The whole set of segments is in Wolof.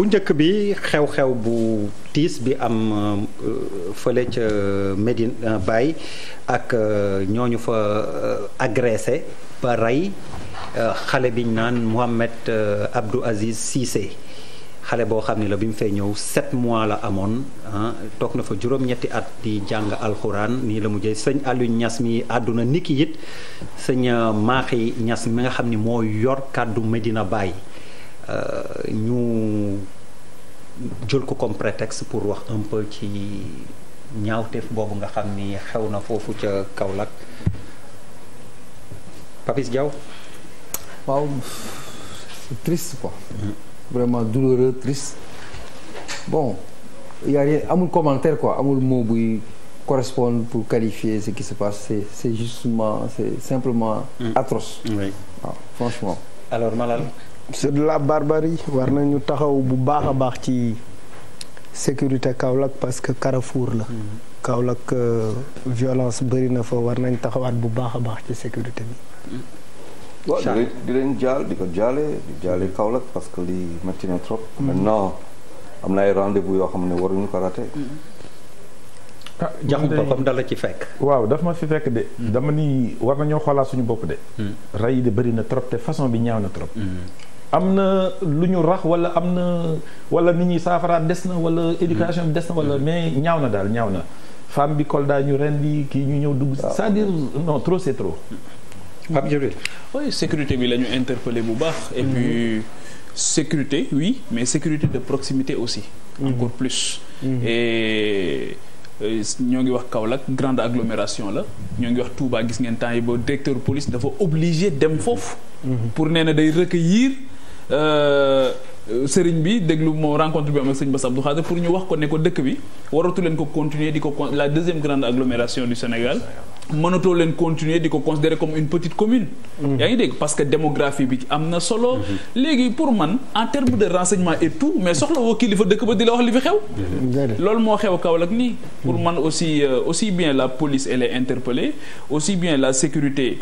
bu njëkk bi xew-xew bu tiis bi am euh, fële ca euh, Medina euh, Baye ak ñooñu fa agressé ba rey xale biñ naan Mohamed Abdou Aziz Cissé xale boo xam ne la bi mu fee ñëw sept mois la amoon ah toog na fa juróom-ñetti at di jàng alxuraan nii la mujjee sëñ Aliou Niass mi àdduna niki it sëñ Maaxi ñas mi nga xam ni moo yor kàddu Medina Baye Euh, ñu jël ko comme prétexte pour wax un peu ci ñaawteef boobu nga xam ni xew na foofu ca Kaolack Papis Diaw waaw c'est triste quoi vraiment douloureux triste bon y a rien amul commentaire quoi amul mot buy correspondre pour qualifier ce qui se passe c'est justement c'est simplement mm. atroce waaw ah, franchement alors Malal c'est de la barbarie war nañu taxaw bu baax a baax ci sécurité Kaolack parce que Carrefour la. Mhm. Kaolack euh, violence bëri na fa war nañ taxawaat bu baax a baax ci sécurité bi. waaw mhm. di di leen di ko jaale di jaale Kaolack parce que lii métti na trop. Mhm. maintenant am na ay rendez bu yoo xam ne waruñu ko raté. ah jaxumpa comme dala ci fekk. waaw daf ma fi fekk de. dama ni war nañoo xoolaat suñu bopp de. rey yi de bëri na trop te façon bi ñaaw na trop. am na lu ñu rax wala am na wala nit ñi saafaraat des na wala éducation bi des na wala mm-hmm. mais ñaaw na daal ñaaw na femme bi Kolda ñu ren bi kii ñu ñëw dugg ah. c'est-à-dire non trop c'est trop Pape Djibril sécurité bi lañu ñu interpellé bu baax et mm-hmm. puis sécurité oui mais sécurité de proximité aussi mm-hmm. encore plus et euh, ñoo ngi wax Kaolack grande agglomération la ñoo ngi wax Touba gis ngeen temps yi ba directeur police dafa obligé dem foofu pour nee na day recueillir Euh, sëriñ bi déglu moom rencontre bi am ak sëñ Bass Abdou Khadre pour ñu wax ko ne ko dëkk bi waratu leen ko continuer di ko la deuxième grande agglomération du Sénégal mënatoo leen continuer di ko considérer comme une petite commune mmh. yaa ngi dégg parce que démographie bi am na solo mmh. léegi pour man en terme de renseignement et tout mais soxla woo kilifa dëkk ba di la wax li fi xew mmh. loolu moo xew kaw Kaolack nii pour man aussi euh, aussi bien la police elle est interpellée aussi bien la sécurité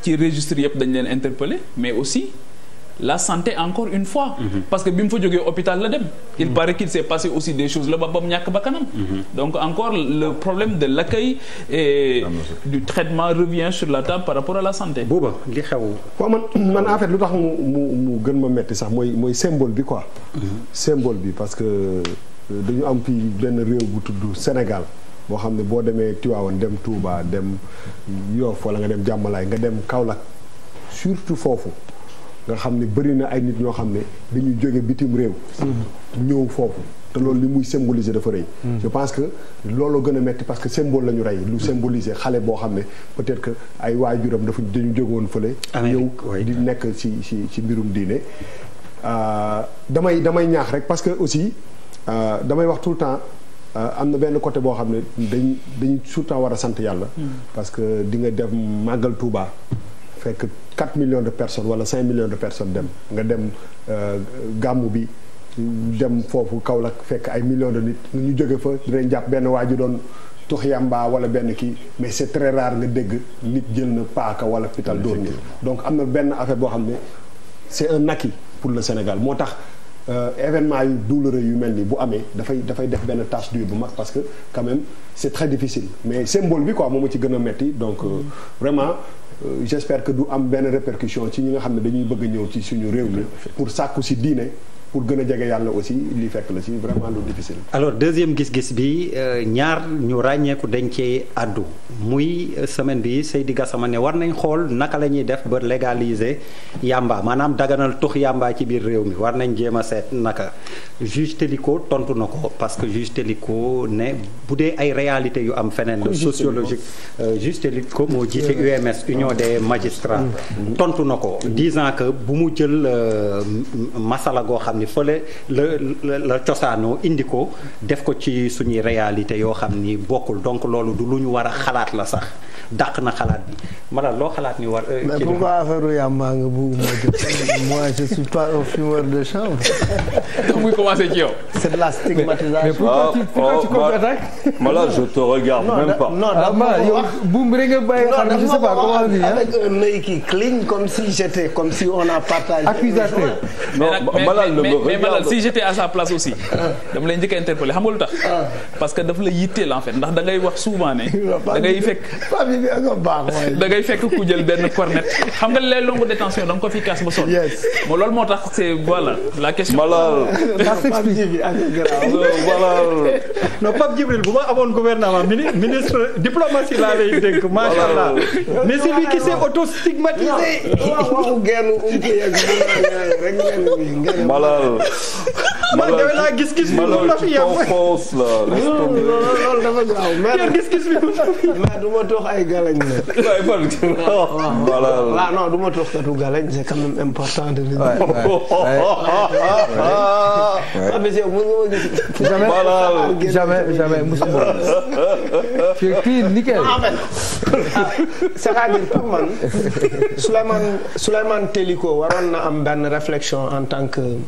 ci registre yëpp dañ leen interpellé mais aussi la santé encore une fois. Mhm. parce que bi mu fa jógee hôpital la dem. il mhm. paraît qu'il s'est passé aussi des choses là ba ba mu ñàkk ba kanam. Mhm. donc encore le problème de l'accueil et ah, du traitement revient sur la table par rapport à la santé. booba li xew. waaw man man en fait lu tax mu mu gën ma metti sax mooy mooy symbole bi quoi. symbole bi parce que euh, dañu am fi benn réew bu tudd Sénégal. boo xam ne boo demee Tivaouane dem Touba dem Yoff wala nga dem Jàmmalaay nga dem Kaolack surtout foofu. nga xam ne bëri na ay nit ñoo xam ne dañuy jóge bitim réew. ñëw foofu te loolu li muy symboliser dafa rëy. Hmm. je pense que loolu gën a metti parce que symbole lañu ñu rey. lu symboliser xale boo xam ne peut-être que ay waajuram dafa dañu jóge woon fële. ñëw di nekk ci ci ci mbirum diine. Euh, damay damay ñaax rek parce que aussi euh, damay wax tout le temps. Euh, am na benn côté boo xam ne dañ dañ surtout war a sant yàlla. Hmm. parce que di nga def màggal tuubaa fekk 4 millions de personnes wala 5 millions de personnes dem nga dem euh, gàmmu bi dem foofu Kaolack fekk ay millions de nit ñu jóge fa dinañ jàpp benn waa ji doon tux yamba wala benn kii mais c'est très rare nga dégg nit jël na paaka wala pital dóor ni donc am na benn affaire boo xam ne c'est un acquis pour le Sénégal moo tax euh, événement yu douloureux yu mel ni bu amee dafay dafay def benn tache d'huile bu mag parce que quand même c'est très difficile mais symbole bi quoi moom ci gën a metti donc euh, Euh, j'espère que du am benn répercussion ci ñi nga xam ne dañuy bëgg ñëw ci suñu réew mi pour sàkku si diine pour gën a jege yàlla aussi li fekk la ci vraiment lu difficile. alors deuxième gis-gis bi euh, ñaar ñu ràññeeku dañ cee àddu muy euh, semaine bi Seydi Gassama ne war nañ xool naka la ñuy def ba légaliser yàmba maanaam daganal tux yàmba ci biir réew mi war nañ jéem a seet naka juge Téliko tontu na ko parce que juge Téliko ne bu dee ay réalité yu am feneen la sociologique euh, juge Téliko moo jiite UMS Union de magistrats mm. tontu na ko disant que bu mu jël masala goo xam xam ni fële la cosaanoo indi ko def ko ci suñuy réalité yoo xam ni bokkul donc loolu du lu ñu war a xalaat la sax dàq na xalaat bi mala loo xalaat ni war. Euh, mais pourquoi affaire yàmbaa nga bëgguma jot moi je suis pas un fumeur de chambre. donc muy commencé ci la stigmatisation. buum rek nga bàyyi xam ne je sais pas comment dire. avec un œil comme si j'étais comme si on a partagé. accusateur non mala le mais Malal si j'étais à sa place aussi ah. dama lay njëkk a interpellé xam nga lu tax ah. parce que daf la yitteel en fait ndax da wax souvent ne da fekk da benn cornette xam nga les longues détentions da nga fi kaas ba sonn moo loolu moo tax c'est voilà la question Malal ah, Malal non Pape Djibril bu ma amoon gouvernement ministre diplomatie laa lay dégg macha allah mais c'est lui qui s'est auto stigmatisé malal. malal laa gis-gis bi mu la fi yow fausse la. loolu loolu dafa gaaw mais gis-gis bi mu la fi. mais du ma toog ay galañ la. waaye man malal. waaw non du ma toog katu galañ c'est quand même important de. waay waay ah, jamais jamais musuma. tu es clean nickel. Ah, ah, c'est-à-dire pour man Souleymane Souleymane Téliko waroon na am benn réflexion en tant que.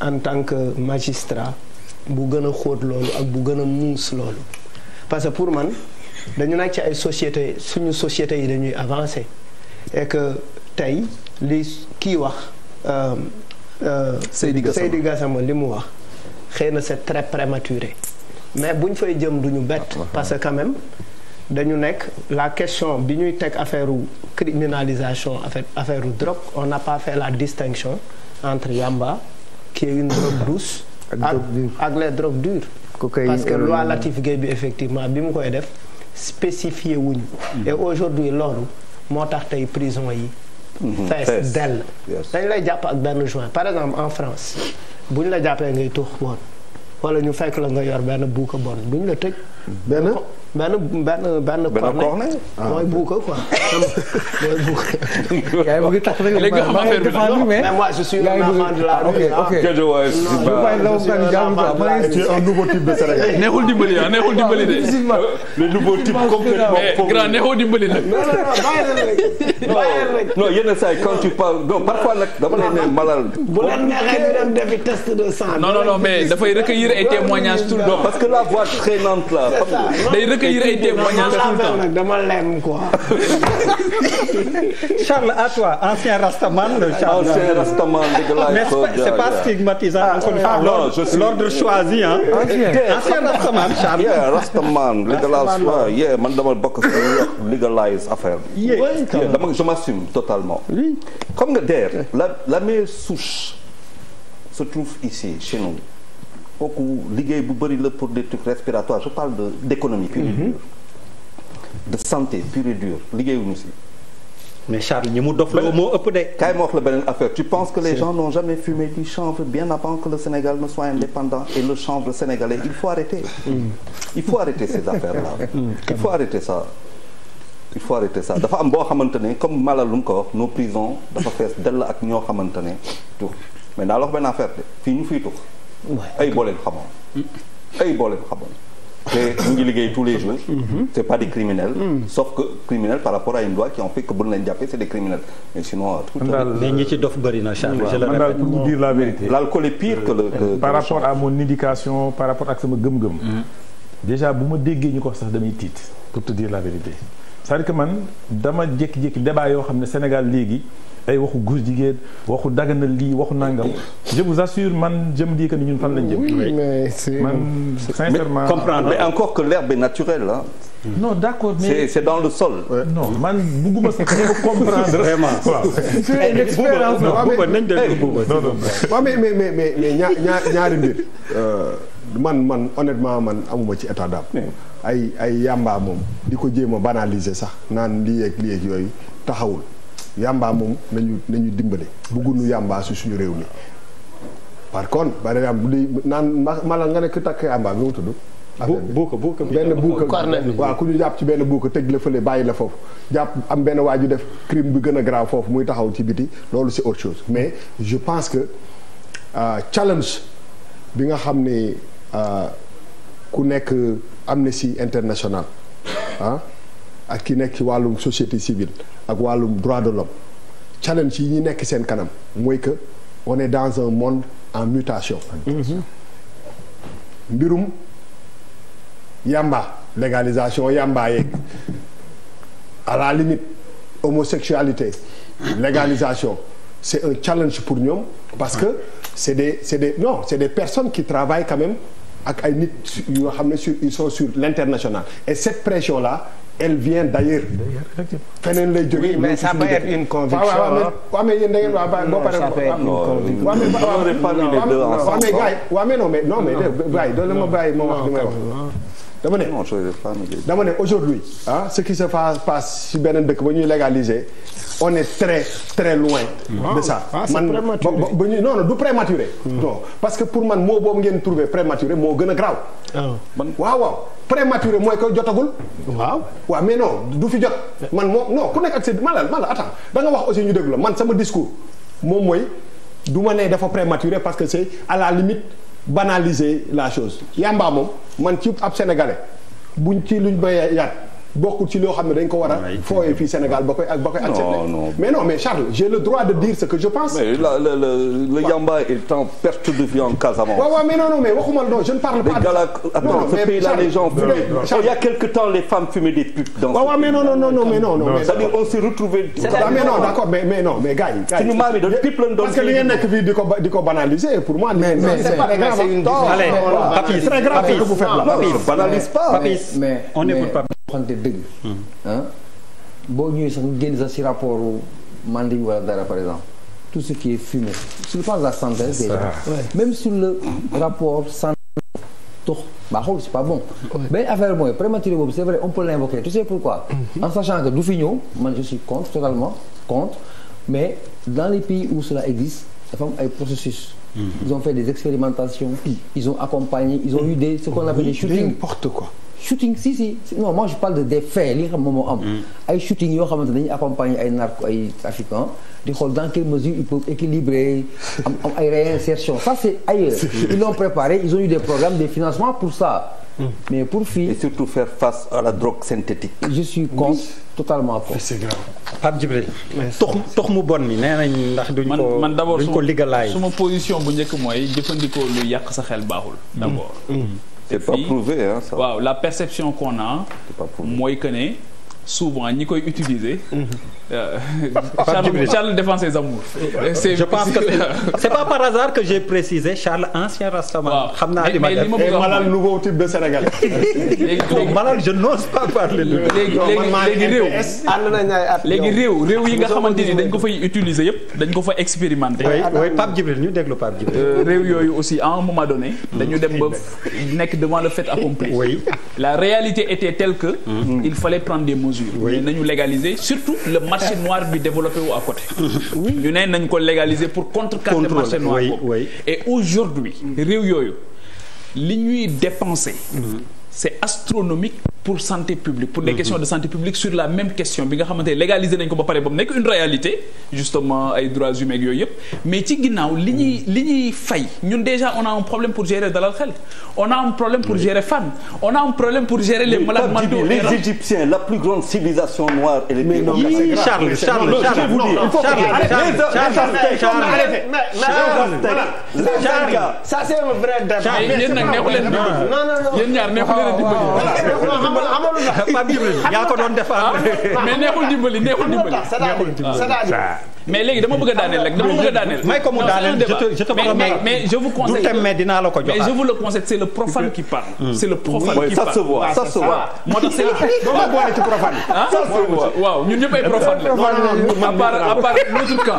en tant que magistrat bu gën a xóot loolu ak bu gën a muus loolu parce que pour man dañu nekk ci ay société suñu société yi dañuy avancer et que tey li kii wax euh, euh, Seydi Gassama Seydi Gassama li mu wax xëy na c'est très prématuré mais buñ fay jëm duñu bett ah, ah, ah. parce que quand dañu nekk la question bi ñuy teg affaire criminalisation affaire affaire drogue on n'a pas fait la distinction entre yamba ci est une douce. ak ak les drogues dures. cocaïne parce que loi Latif bi effectivement bi mu koy def spécifié wuñu mm. et aujourd'hui loolu moo tax tey prison yi. Mm-hmm. fees dell dañ lay jàpp ak benn joint par exemple en France bu ñu la jàppee ngay tuux bon walla ñu fekk la nga yor benn buuka bon duñ la tëj. benn benn benn benn. corne ah. mooy buuka quoi. mooy buuka. yaa ngi bëgg tax rek léegi xam affaire bi non mais moi je suis un ah, enfant de la rue. ok ok c'est un nouveau type de Sénégal. neexul dimbali ah neexul dimbali de. le nouveau type complètement. Eh, grand neexul dimbali nag. non non non non yenn saa yi quand tu parles donc parfois nag dama lay ne malal. bu leen neexee ñu dem defi test de sang. non non non mais dafay recueillir ay témoignages tout le temps. parce que la voix traînante là. recueillir ay témoignages nag dama lem quoi. Charles à toi ancien rastaman ancien rastaman dëgg laa mais ancien rastaman Charles. yeah rastaman legalize waaw yeah man je m'assume totalement. comme nga la la meilleure se trouve ici chez nous. kooku liggéey bu bëri la pour des trucs respiratoires je parle de d'économie pure et dure mm-hmm. de santé pure et dure liggéeyuñu si mais Charles ñi mu dof la moo ëpp de. kaay ma wax la beneen affaire tu penses que les gens n'ont jamais fumé du chanvre bien avant que le Sénégal ne soit indépendant et le chanvre sénégalais il faut arrêter. Mm. il faut mm, arrêter ça. il faut arrêter ça dafa am boo xamante ne comme malalum ko wax nos prisons dafa fees dell ak ñoo xamante ne mais naa fii ñu fiy tux. ay boo leen xamoon ay boo leen xamoon te ngi liggéey tous les jours c'est pas des criminels sauf que criminels par rapport à une loi qui en fait bu ñu leen jàppee c'est des criminels mais sinon mais ñi ci dof bëri na Charles je le répète pour vous dire la vérité l'alcool est pire que le par rapport à mon éducation par rapport ak sama gëm-gëm mm-hmm. déjà bu ma déggee ñu ko sax damay tiit pour te dire la vérité c'est-à-dire man dama jékki-jékki débat yoo xam ne Sénégal léegi ay waxu góor jigéen waxu daganal lii waxu nangam je vous assure man jëm me ko que ñu ñun fan lañ jëm. man sincèrement. comprendre mais encore que l'herbe est naturelle hein. non d'accord mais c'est dans le sol. non man bugguma sax comprendre. vraiment waaw. mais mais mais mais ñaari mbir. Euh, man man honnêtement man amuma ci état d'âme. ay ay yàmbaa moom. di ko jéem a banaliser sax naan lii yeeg lii yeeg yooyu taxawul. yàmbaa moom nañu nañu dimbali bëggunu yàmbaa si suñu réew mi par contre par exemple bu dee naan mala nga nekk takk yàmbaa bi mu tudd buuka buuka benn buuka waaw ku ñu jàpp ci benn buuka tëj la fële bàyyi la foofu jàpp am benn waa ju def crime bi gën a grave foofu muy taxaw ci biti loolu si autre chose mais je pense que euh, challenge bi nga xam ni euh, ku nekk Amnesty International ah ak ki nekk ci wàllum société civile ak wàllum droit de l'homme challenge yi ñu nekk seen kanam mooy que on est dans un monde en mutation mm-hmm. mbirum yàmba légalisation yàmba yeeg à la limite homosexualité légalisation c'est un challenge pour ñoom parce que c'est des c'est des non c'est des personnes qui travaillent quand ak ay nit yoo xam ne sur ils sont sur l'international et cette pression là elle vient d'ailleurs. feneen lay jógee. oui mais ça peut être une conviction waaw mais yéen da ngeen waaw boo paree. ma bàyyi ma wax li may wax. aujourd'hui ce qui se passe si beneen dëkk ba ñuy légaliser on est très très loin. de ça ah, man ba ba ñuy non non du prématuré. Mm. parce que pour man moo boobu ngeen trouvé prématuré moo gën a graaw. prématuré mooy ko jotagul. waaw waaw mais non du fi jot. man moo non ku nekk ak sa man la man la attends da wax aussi ñu déglu la man sama discours moom mooy du ma ne dafa prématuré parce que c'est à la limite banaliser la chose. yàmbaa moom man ci ab sénégalais buñ ci lu ñu bay yàgg. bokkul ci loo xam ne dañ ko war a fooyee mais non mais Charles j'ai le droit de dire ce que je pense la le Yamba est perte de vie en Casamance mais non mais je ne parle pas attends ce pays oh, il y a quelque temps les femmes fumaient des pipes dans waaw waaw mais non non mais on s'est retrouvé mais papis waxante dëgg ah boo ñëwee sax génn sax si rapport manding wala dara par exemple tout ce qui est fumé sur le plan de la santé déjà même sur le rapport santé tox baaxul c'est pas bon benn affaire mooy prématuré boobu c'est pourquoi mhm. en sachant que du fi ñëw man je suis contre totalement contre mais dans les pays où cela existe dafa am ay processus mhm. ils ont fait des expérimentations ils ont accompagné ils ont eu des ce n'importe quoi shooting si si non je parle de des li nga xam moom moo am. Mm. ay shooting yoo xamante dañuy accompagner ay narco ay trafiquants di xool dans quelle mesure ils peuvent équilibrer ay réinsertion ça c'est ailleurs. ils l'ont préparé ils ont eu des programmes de financement pour ça. Mm. mais pour fii. et surtout faire face à la drogue synthétique. je suis contre totalement contre. c'est grave. tox mu bon mi nee nañ ndax duñ ko man d'abord duñ ko ma suma position bu njëkk mooy jëfandikoo lu yàq sa xel baaxul. Mm. d'abord. c'est pas prouvé hein ça waaw la perception qu'on a mooy que ne souvent ñi koy utiliser. Euh, Charles Charles défend ses amours. je c'est pas par hasard que j'ai précisé Charles ancien rastaman. waaw li ma def et nouveau type de Sénégalais. léegi Malal je n'ose yi nga xamante ni dañ ko fay utiliser yëpp dañ ko fa expérimenter. oui oui Pape ñu déglu Pape Djibril. Euh, réew yooyu aussi à un moment donné. dañu dem nekk devant le fait accompli. la réalité était telle que. Mm. il fallait prendre des mesures. mesure mais nañu légaliser surtout le marché noir bi développé wu à côté ñu ne nañ ko légaliser pour contrecarrer marché noir boobu et aujourd'hui réew yooyu li ñuy dépenser mm-hmm. c'est astronomique pour santé publique pour des questions de santé publique sur la même question bi nga xamante ne légaliser nañ ko ba pare ba nekk une réalité justement ay droits humains ak yooyu mais ci ginnaaw li ñuy li ñuy déjà on a un problème pour gérer Dalal Xel on a un problème pour gérer Fann on a un problème pour gérer les malades mentaux les Égyptiens la plus grande civilisation noire et les yii Charles Charles Charles Charles ça dimbali amalu na Pape Djibril yaa ko doon def mais neexul dimbali neexul dimbali neexul dimbali mais léegi dama bëgg a daaneel rek dama bëgg a daaneel. may ko mu daaneel je te mais mais je vous conseille. du thème mais dinaa la ko jox mais je vous le conseille c'est le profane qui parle. Mm. c'est le profane qui parle ah, ça se voit ça se voit. moo tax c'est le profane. boole ci profane. ah waaw ñun ñëpp ay profane la. à part à part notre camp.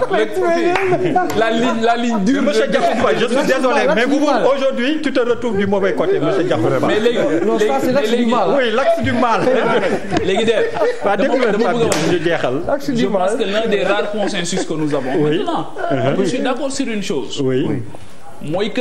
la ligne la ligne dure. monsieur Diakhoumpa je suis désolé mais vous aujourd'hui tu te retrouves du mauvais côté monsieur Diakhoumpa. mais léegi léegi oui l'axe du mal. léegi de. dama bëgg a wax parce que l'un des rares consensus que nous avons oui. maintenant. Uh -huh. Je suis d'accord sur une chose. Oui. Mooy que